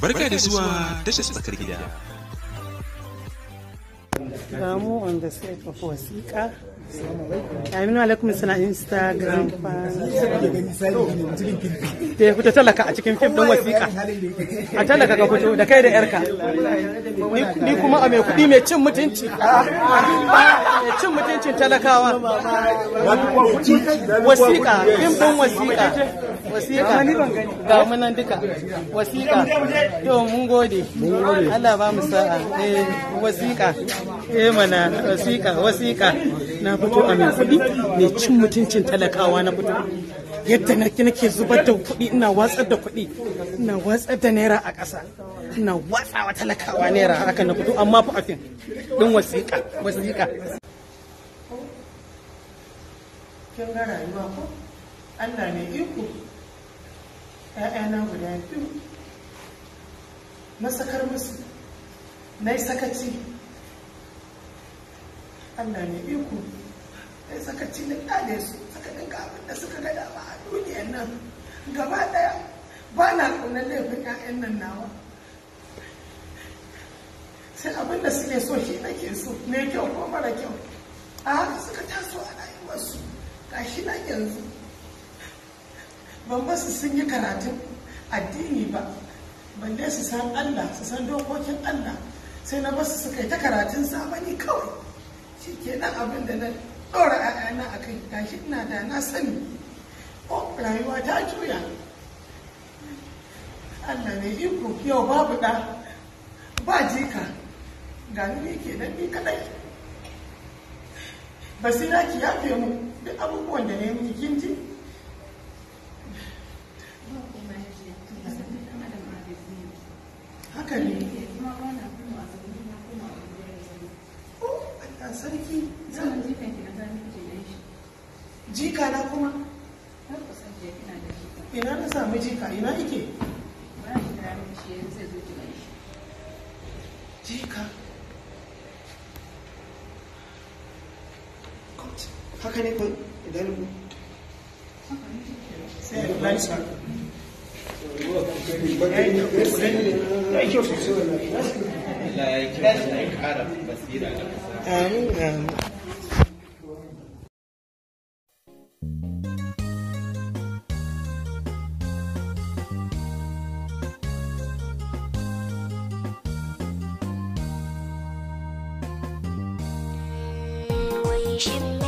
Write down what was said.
Barka da zuwa tashar tsakar gida. samu on the site of wasiƙa. Aminu alaikum suna Instagram fa. Eh, da fito talaka a cikin fim don wasiƙa. A talaka ka fito da kai da yarka. Ni kuma a mai kuɗi mai cin mutunci. Mai cin mutuncin talakawa. Wasiƙa, fim don wasiƙa. wasiƙa ga munan duka wasiƙa yau mun gode Allah ba mu sa'a eh wasiƙa eh mana wasiƙa wasiƙa na fito a mai kuɗi mai cin mutuncin talakawa na fito yadda na nake zubar da kuɗi ina watsar da kuɗi ina watsar da naira a ƙasa ina watsawa talakawa naira haka na fito amma fa afin din wasiƙa wasiƙa kin ga rayuwa ko Allah ne iko ‘ya'yana guda biyu na sakar musu na yi sakaci allah ne iku na yi sakaci na ƙyale su suka dinga abin da suka gada ba a duniyar nan gaba ɗaya ba na ƙaunar laifin ‘ya'yan nan nawa sai abin da suke so shi nake so mai kyau ko mara kyau a haka suka taso a rayuwarsu shi na yanzu ban basu sun yi karatun addini ba balle su san Allah su san dokokin Allah sai na basu suka yi ta karatun zamani kawai shi ke nan abin da na ɗora ‘ya'yana a kai gashi ina da na sani o oh, rayuwa ta juya Allah ne iko yau babu ɗa ba jika ga ni ke nan ni kadai basira ki yafe mu duk abubuwan da ne yi kin ji haka ne oh, a sarki jika na kuma ina na sami jika ina yake jika haka ne ko idan sai ya لا يكفيك عرف بسير على آمين آمين ويشم